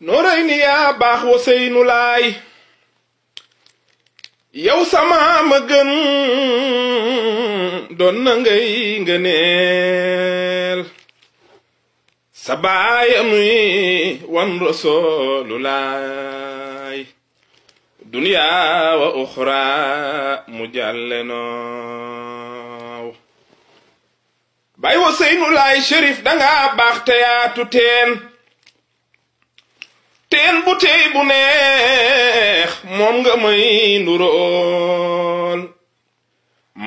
nooray ni yaa baax wa seynu laay yow sama ma gën doon na ngay nuy wan rasulu laay duniya wa uxra mu jàlle noow bay wa seynu laay shérif dangaa baax te yaatu teen bu tey moom nga may nuroon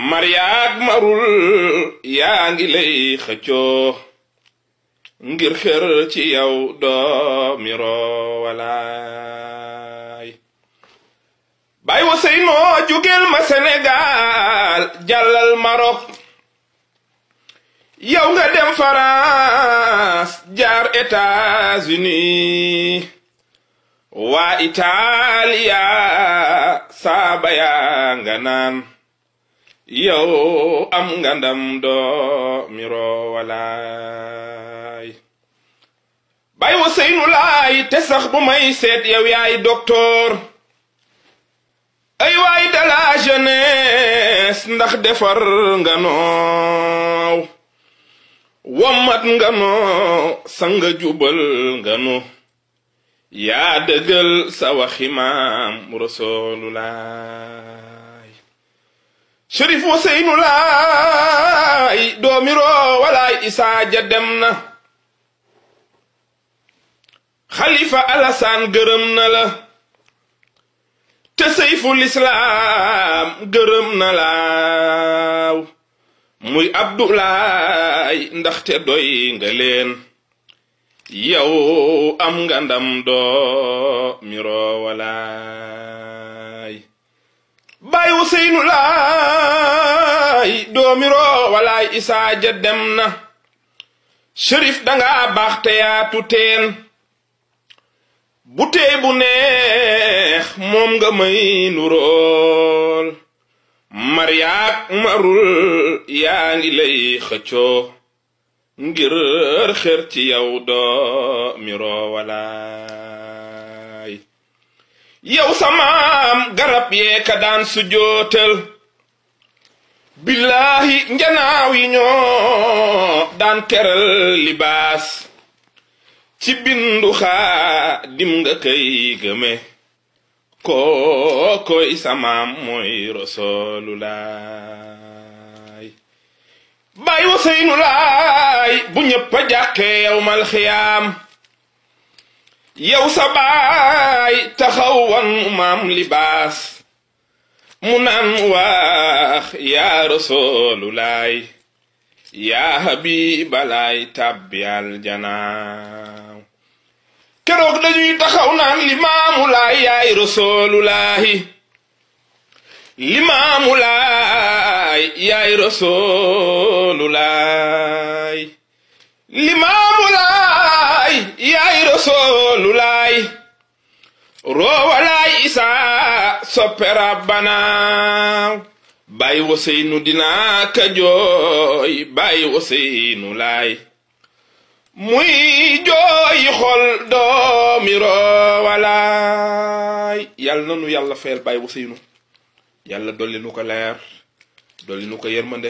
mariyaag marul yaa ngi lay xëccoo ngir xër ci yow doomi roowalaay bay wa noo jugeel ma Sénégal jàllal Maroc yow nga dem France jaar États-Unis waa Itaaliya saaba yaa nga naan yow am nga ndam doo miro walaay bay wa seynu laay te sax may seet yow yaay docteur ay jeunesse ndax defar nga noow wommat nga sanga jubal nga yaa dëggal sa waxi maam rasuululaay Cherif walaay isaa ja dem xalifa alasaan gërëm na la te seyfu lislaam gërëm laaw muy abdulaay ndaxte doy nga yow am nga ndam doo miro walaay baay Useynu laay doo walaay isaa dem na Cherif danga baax te yaatu teen bu tey bu neex moom nga may nurool mariyaak marul yaa ngi lay xëccoo ngir xer ci yow ya do miro wala yow ya samaam garab ye ka dan su jotel billahi njanaaw yi ño dan teral libas ci bindu dim nga kay geme ko ko moy rasulullah bayu baay bu ñépp a jàqee yawmal xiyaam yow sa baay taxaw libaas mu naan waax yaa rasoolulaay yaa habibalaay tàbbiyal janaaw keroog dañuy taxaw naan limaamulaay yaay rasoolulaahi limaamulaay yaay limaamu laay yaay rasoolu laay roowa laay isaa soppe rabbana baay waseynu dinaa ka jooy baay waseynu muy jooy xol doomi roowa laay yàlla na nu yàlla fayal baay waseynu yàlla leer dolli nu ko yërmande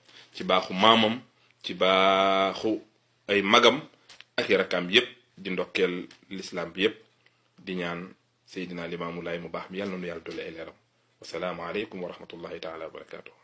ci baxu mamam ci baxu ay magam ak rakam yeb di ndokel l'islam bi yeb di ñaan sayyidina limaamu laay mu bax mi yàlla nu yàlla dolli ay leeram wasalaamu aleykum wa rahmatullahi taala wa barakatuh